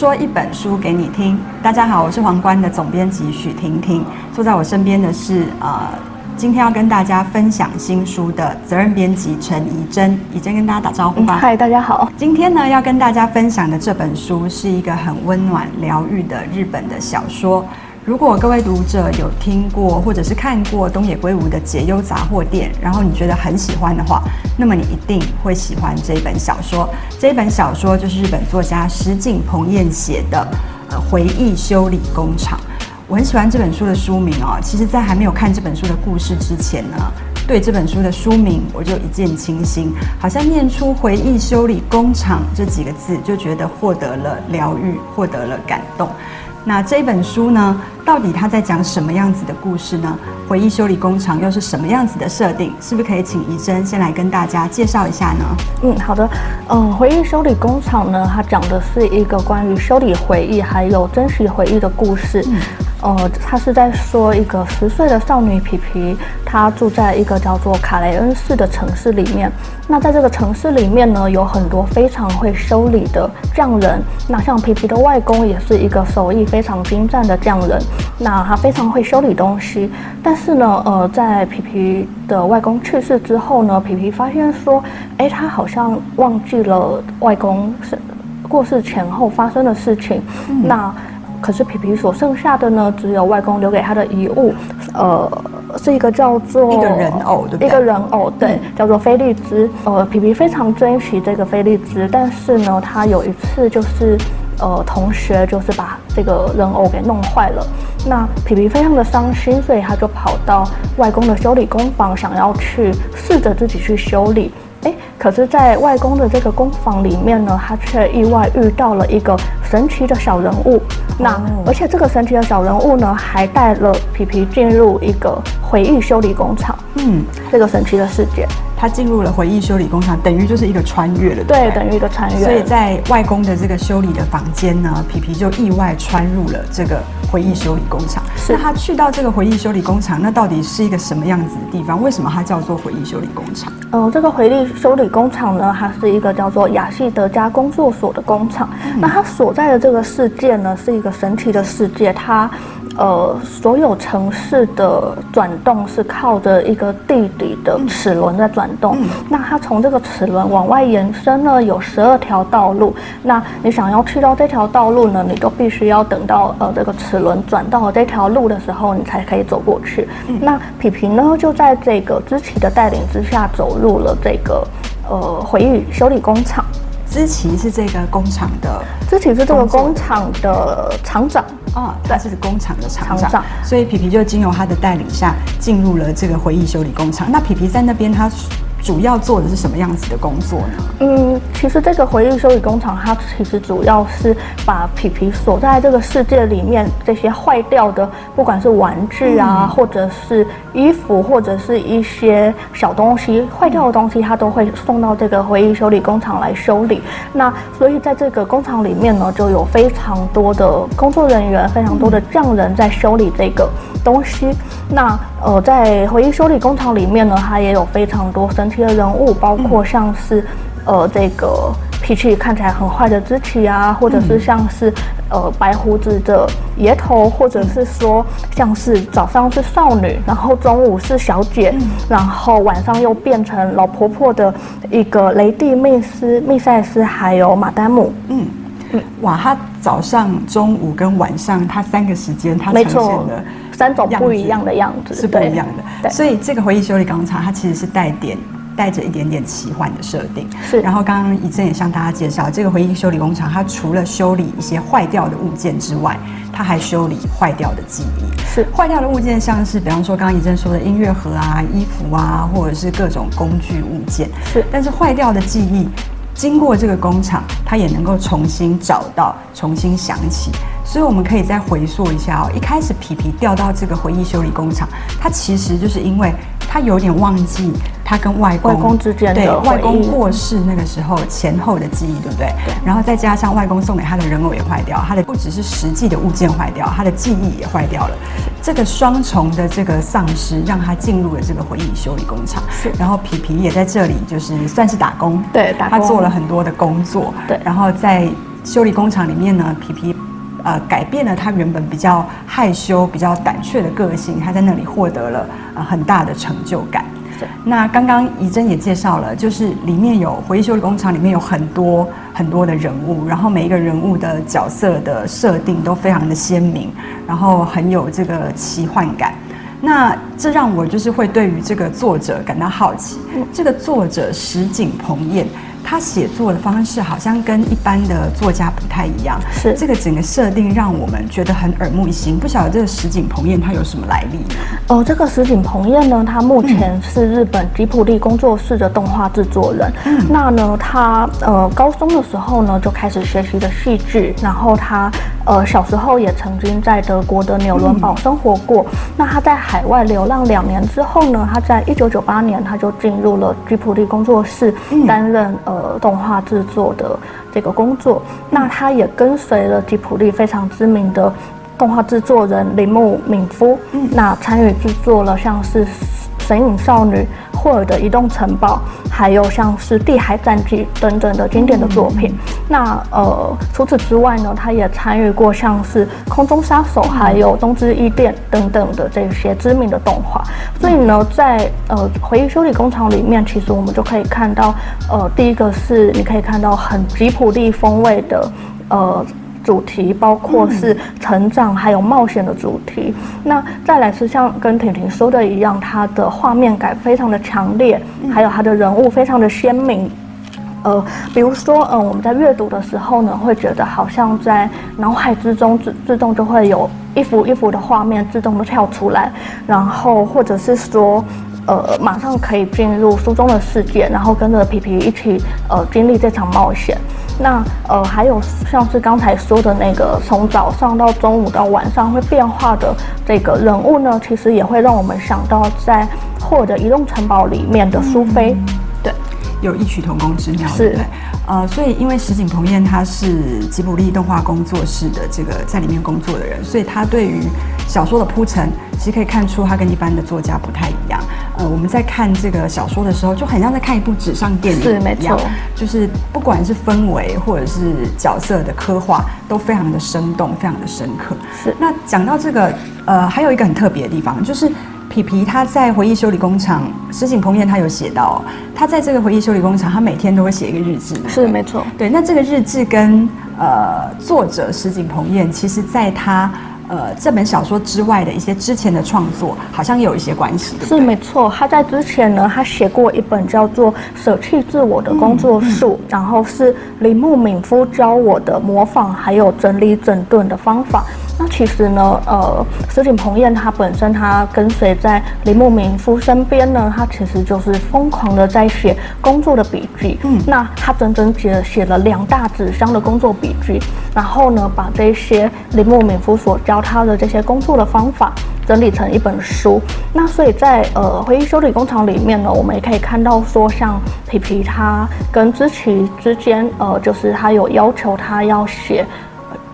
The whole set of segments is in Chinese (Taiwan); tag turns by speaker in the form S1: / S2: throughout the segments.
S1: 說一本書給你聽。大家好，我是皇冠的總編輯許婷婷。坐在我身邊的是呃，今天要跟大家分享新書的責任編輯陳怡蓁。怡蓁跟大家打招呼吧？嗯。嗨，大家好。今天呢，要跟大家分享的這本書是一個很溫暖療癒的日本的小說。如果各位讀者有聽過或者是看過東野圭吾的《解憂雜貨店》，然後你覺得很喜歡的話，那麼你一定會喜歡這一本小說。這一本小說就是日本作家石井朋彦寫的呃《回憶修理工廠》。我很喜歡這本書的書名哦。其實，在還沒有看這本書的故事之前呢，對這本書的書名我就一見傾心，好像念出“回憶修理工廠”這幾個字，就覺得獲得了療癒，獲得了感動。那這本書呢，到底它在講什麼樣子的故事呢？回憶修理工廠又是什麼樣子的設定？是不是可以請怡蓁先來跟大家介紹一下呢？嗯，好的。嗯，回憶修理工廠呢，它講的是
S2: 一個關於修理回憶還有珍惜回憶的故事。嗯呃，他是在說一個十歲的少女皮皮，她住在一個叫做卡雷恩市的城市裡面。那在這個城市裡面呢，有很多非常會修理的匠人。那像皮皮的外公也是一個手藝非常精湛的匠人。那他非常會修理東西。但是呢，呃，在皮皮的外公去世之後呢，皮皮發現說，哎，他好像忘記了外公是過世前後發生的事情。嗯、那可是皮皮所剩下的呢，只有外公留給他的遺物，呃，是一個叫做一個人偶對不對？一個人偶對、嗯，叫做菲利茲。呃，皮皮非常珍惜這個菲利茲，但是呢，他有一次就是，呃，同學就是把這個人偶給弄壞了。那皮皮非常的傷心，所以他就跑到外公的修理工坊，想要去試着自己去修理。誒，可是在外公的這個工坊裡面呢，他卻意外遇到了一個。神奇的小人物，那、哦、而且這個神奇的小人物呢，還帶了皮皮進入一個回憶修理工廠。嗯，這個神奇的世界。
S1: 他進入了回憶修理工廠，等於就是一個穿越了，對，等於
S2: 一個穿越。所以在
S1: 外公的這個修理的房間呢，皮皮就意外穿入了這個回憶修理工廠。那他去到這個回憶修理工廠，那到底是一個什麼樣子的地方？為什麼它叫做回憶修理工廠？
S2: 哦、呃，這個回憶修理工廠呢，它是一個叫做亞細德家工作所的工廠，嗯。那它所在的這個世界呢，是一個神奇的世界。它呃，所有城市的轉動是靠着一個地底的齒輪在轉動、嗯嗯。那它從這個齒輪往外延伸呢，有十二條道路。那你想要去到這條道路呢，你都必須要等到呃這個齒輪轉到了這條路的時候，你才可以走過去。嗯、那皮皮呢，就在這個知奇的帶領之下，走入了這個呃回憶修理工廠。知奇是這個工廠的工，知奇是這個工廠的廠長。
S1: 啊、哦，他是工廠的廠長，所以皮皮就經由他的帶領下，進入了這個回憶修理工廠。那皮皮在那邊，他。主要做的是什麼樣子的工作呢？
S2: 嗯，其實這個回憶修理工廠，它其實主要是把皮皮鎖在這個世界裡面，這些壞掉的，不管是玩具啊、嗯，或者是衣服，或者是一些小東西壞掉的東西，它都會送到這個回憶修理工廠來修理。那所以在這個工廠裡面呢，就有非常多的工作人員，非常多的匠人，在修理這個。嗯東西，那呃，在回憶修理工廠裡面呢，它也有非常多神奇的人物，包括像是，呃，這個脾氣看起來很壞的肢體啊，或者是像是，呃，白鬍子的爺頭，或者是說像是早上是少女，然後中午是小姐，嗯、然後晚上又變成老婆婆的一個雷蒂密斯、密塞斯還有馬丹姆。嗯，
S1: 哇，他早上、中午跟晚上，他三個時間，他沒錯的三
S2: 種不一樣的樣
S1: 子，樣子是不一樣的對，所以這個回憶修理工廠它其實是帶點帶着一點點奇幻的設定。是，然後剛剛怡蓁也向大家介紹，這個回憶修理工廠它除了修理一些壞掉的物件之外，它還修理壞掉的記憶。是，壞掉的物件像是比方說剛剛怡蓁說的音樂盒啊、衣服啊，或者是各種工具物件。是，但是壞掉的記憶，經過這個工廠，它也能夠重新找到、重新想起。所以我們可以再回溯一下哦。一開始皮皮掉到這個回憶修理工廠，他其實就是因為他有點忘記他跟外公、外公之間的回憶。對，外公過世那個時候前後的記憶，對不對？對。然後再加上外公送給他的人偶也壞掉，他的不只是實際的物件壞掉，他的記憶也壞掉了。這個雙重的這個喪失讓他進入了這個回憶修理工廠。是。然後皮皮也在這裡，就是算是打工。對，打工。他做了很多的工作。對。然後在修理工廠裡面呢，皮皮。呃，改變了他原本比較害羞，比較膽怯的個性，他在那裡獲得了呃很大的成就感。那剛剛怡蓁也介紹了，就是裡面有回憶修理工廠，裡面有很多很多的人物，然後每一個人物的角色的設定都非常的鮮明，然後很有這個奇幻感。那這讓我就是會對於這個作者感到好奇，嗯、這個作者石井朋彥。他寫作的方式好像跟一般的作家不太一樣是，是這個整個設定讓我們覺得很耳目一新。不曉得這個石井朋彦他有什麼來歷呢？
S2: 呃，這個石井朋彦呢，他目前是日本吉卜力工作室的動畫制作人。嗯、那呢，他呃高中的時候呢就開始學習的戲劇，然後他呃小時候也曾經在德國的紐倫堡生活過。嗯、那他在海外流浪兩年之後呢，他在一九九八年他就進入了吉卜力工作室、嗯、擔任。呃呃，動畫制作的這個工作，那他也跟隨了吉卜力非常知名的動畫制作人鈴木敏夫，那參與制作了像是《神隱少女》。霍爾的《移動城堡》，還有像是《地海戰記》等等的經典的作品。嗯嗯、那呃，除此之外呢，他也參與過像是《空中殺手》嗯，還有《東之伊甸》等等的這些知名的動畫、嗯。所以呢，在呃《回憶修理工廠》裡面，其實我們就可以看到，呃，第一個是你可以看到很吉卜力風味的，呃。主題包括是成長，還有冒險的主題、嗯。那再來是像跟婷婷說的一樣，它的畫面感非常的強烈，嗯、還有它的人物非常的鮮明。呃，比如說，嗯、呃，我們在閱讀的時候呢，會覺得好像在腦海之中自自動就會有一幅一幅的畫面自動的跳出來，然後或者是說，呃，馬上可以進入書中的世界，然後跟着皮皮一起，呃，經歷這場冒險。那呃，還有像是剛才說的那個從早上到中午到晚上會變化的這個人物呢，其實也會讓我們想到在霍爾的移動城堡裡面的蘇菲。
S1: 有異曲同工之妙，對不對？呃，所以因為石井鵬彥他是吉卜力動畫工作室的這個在裡面工作的人，所以他對於小說的鋪陳，其實可以看出他跟一般的作家不太一樣。呃，我們在看這個小說的時候，就很像在看一部紙上電影一樣，是，沒錯。就是不管是氛圍或者是角色的刻畫，都非常的生動，非常的深刻。是。那講到這個，呃，還有一個很特別的地方就是。皮皮他在回憶修理工廠，石井朋彥他有寫到，他在這個回憶修理工廠，他每天都會寫一個日志。是沒錯。對，那這個日志跟呃作者石井朋彥，其實在他呃這本小說之外的一些之前的創作，好像有一些關係。是沒錯。他在之前呢，他寫
S2: 過一本叫做《捨棄自我的工作術》、嗯嗯、然後是鈴木敏夫教我的模仿，還有整理整頓的方法。那其實呢，呃，石井朋彥他本身他跟隨在鈴木敏夫身邊呢，他其實就是瘋狂的在寫工作的筆記。嗯，那他整整寫寫了兩大紙箱的工作筆記，然後呢，把這些鈴木敏夫所教他的這些工作的方法整理成一本書。那所以在呃回憶修理工廠裡面呢，我們也可以看到說，像皮皮他跟知棋之間，呃，就是他有要求他要寫。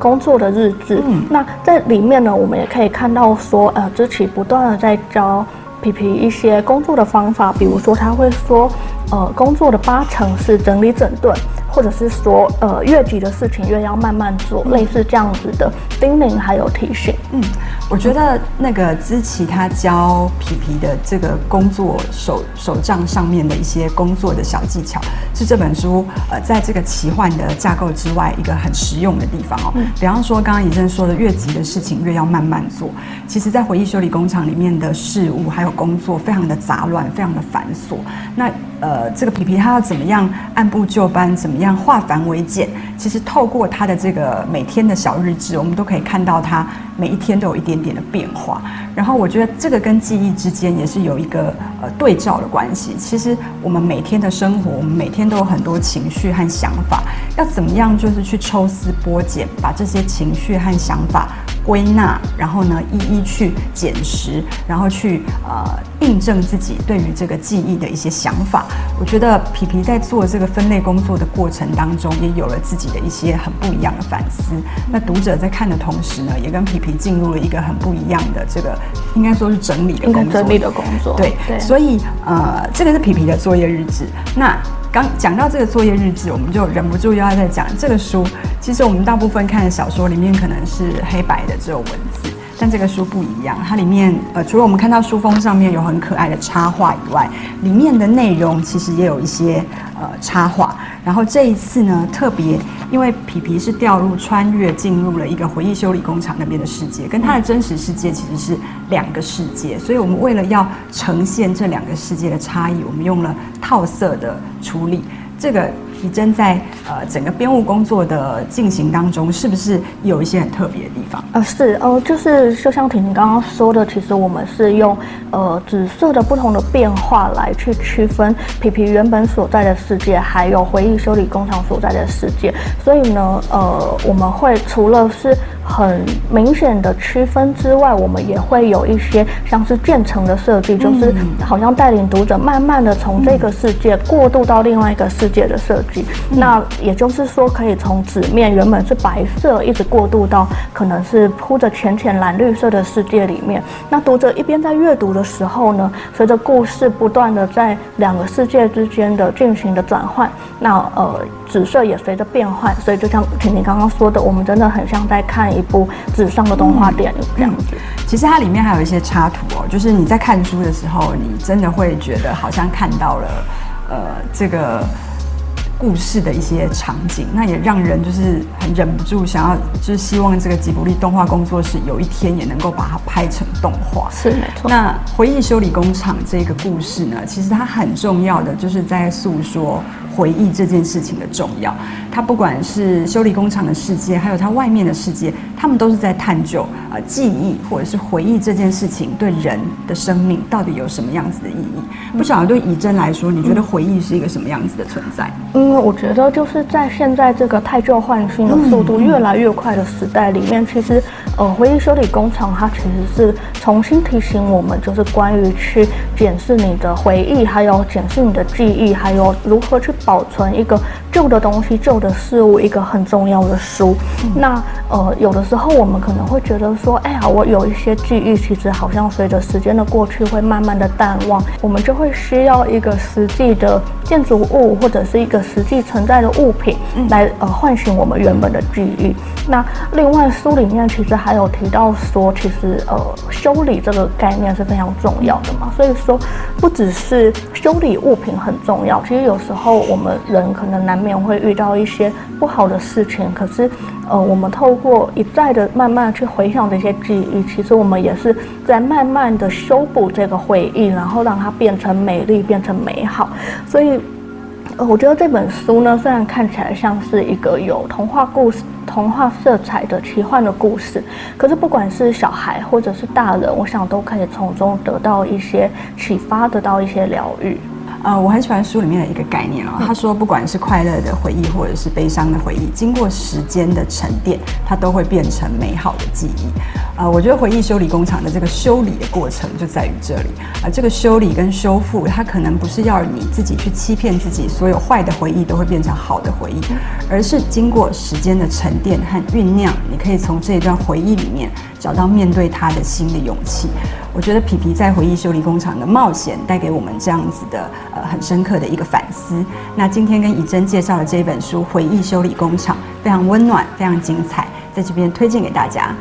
S2: 工作的日誌、嗯，那在裡面呢，我們也可以看到說，呃，支奇不斷的在教皮皮一些工作的方法，比如說他會說，呃，工作的八成是整理整頓。或者是說，呃，越急的事情越要慢
S1: 慢做，類似這樣子的叮嚀、嗯、還有提醒。嗯，我覺得那個之奇他教皮皮的這個工作手手賬上面的一些工作的小技巧，是這本書呃，在這個奇幻的架構之外一個很實用的地方哦。嗯、比方說，剛剛怡蓁說的越急的事情越要慢慢做，其實，在回憶修理工廠裡面的事物還有工作，非常的雜亂，非常的繁瑣。那呃，這個皮皮他要怎麼樣按部就班，怎麼？一樣化繁為簡，其實透過他的這個每天的小日誌，我們都可以看到他每一天都有一點點的變化。然後我覺得這個跟記憶之間也是有一個呃，對照的關係。其實我們每天的生活，我們每天都有很多情緒和想法，要怎麼樣就是去抽絲剝繭，把這些情緒和想法歸納，然後呢，一一去撿拾，然後去呃印證自己對於這個記憶的一些想法。我覺得皮皮在做這個分類工作的過程當中，也有了自己的一些很不一樣的反思。那讀者在看的同時呢，也跟皮皮進入了一個很不一樣的這個，應該說是整理的工作。整理的工作。對。對。所以呃，這個是皮皮的作業日誌。那。剛講到這個作業日記，我們就忍不住又要再講這個書。其實我們大部分看的小說裡面，可能是黑白的這種文字。但這個書不一樣，它裡面呃，除了我們看到書封上面有很可愛的插畫以外，裡面的內容其實也有一些呃插畫。然後這一次呢，特別因為皮皮是掉入穿越進入了一個回憶修理工廠那邊的世界，跟它的真實世界其實是兩個世界，所以我們為了要呈現這兩個世界的差異，我們用了套色的處理。這個。體現在呃整個編務工作的進行當中，是不是有一些很特別的地方？
S2: 呃，是呃，就是就像婷婷剛剛說的，其實我們是用呃紫色的不同的變化來去區分皮皮原本所在的世界，還有回憶修理工廠所在的世界。所以呢，呃，我們會除了是。很明顯的區分之外，我們也會有一些像是漸層的設計，就是好像帶領讀者慢慢的從這個世界過渡到另外一個世界的設計。那也就是說，可以從紙面原本是白色，一直過渡到可能是鋪着淺淺藍綠色的世界裡面。那讀者一邊在閱讀的時候呢，隨着故事不斷的在兩個世界之間的進行的轉換，那呃。紫色也隨着變換，所以就像婷婷剛剛說的，我們真的很像在看一部
S1: 紙上的動畫電影這樣子，嗯。其實它裡面還有一些插圖哦，就是你在看書的時候，你真的會覺得好像看到了，呃，這個故事的一些場景。那也讓人就是很忍不住想要，就是希望這個吉卜力動畫工作室有一天也能夠把它拍成動畫。是沒錯。那回憶修理工廠這個故事呢，其實它很重要的就是在訴說。回憶這件事情的重要，他不管是修理工廠的世界，還有他外面的世界，他們都是在探究啊、呃、記憶或者是回憶這件事情對人的生命到底有什麼樣子的意義。不曉得對怡蓁來說，你覺得回憶是一個什麼樣子的存在？
S2: 因、嗯、為我覺得就是在現在這個汰舊換新的速度越來越快的時代裡面，其實。呃，回憶修理工廠，它其實是重新提醒我們，就是關於去檢視你的回憶，還有檢視你的記憶，還有如何去保存一個。舊的東西、舊的事物，一個很重要的書。嗯、那呃，有的時候我們可能會覺得說，哎呀，我有一些記憶，其實好像隨着時間的過去會慢慢的淡忘，我們就會需要一個實際的建築物或者是一個實際存在的物品來，來、嗯、呃喚醒我們原本的記憶。那另外書裡面其實還有提到說，其實呃修理這個概念是非常重要的嘛。所以說，不只是修理物品很重要，其實有時候我們人可能難。面會遇到一些不好的事情，可是，呃，我們透過一再的慢慢去回想這些記憶，其實我們也是在慢慢的修補這個回憶，然後讓它變成美麗，變成美好。所以，呃，我覺得這本書呢，雖然看起來像是一個有童話故事、童話色彩的奇幻的故事，可是不管是小孩或者是大人，我想都可
S1: 以從中得到一些啟發，得到一些療癒。呃，我很喜歡書裡面的一個概念哦，他說，不管是快樂的回憶或者是悲傷的回憶，經過時間的沉澱，它都會變成美好的記憶。啊、呃，我覺得回憶修理工廠的這個修理的過程就在於這裡啊、呃。這個修理跟修復，它可能不是要你自己去欺騙自己，所有壞的回憶都會變成好的回憶，而是經過時間的沉澱和醞釀，你可以從這一段回憶裡面找到面對它的新的勇氣。我覺得皮皮在回憶修理工廠的冒險帶給我們這樣子的呃很深刻的一個反思。那今天跟怡蓁介紹的這本書《回憶修理工廠》非常溫暖，非常精彩，在這邊推薦給大家。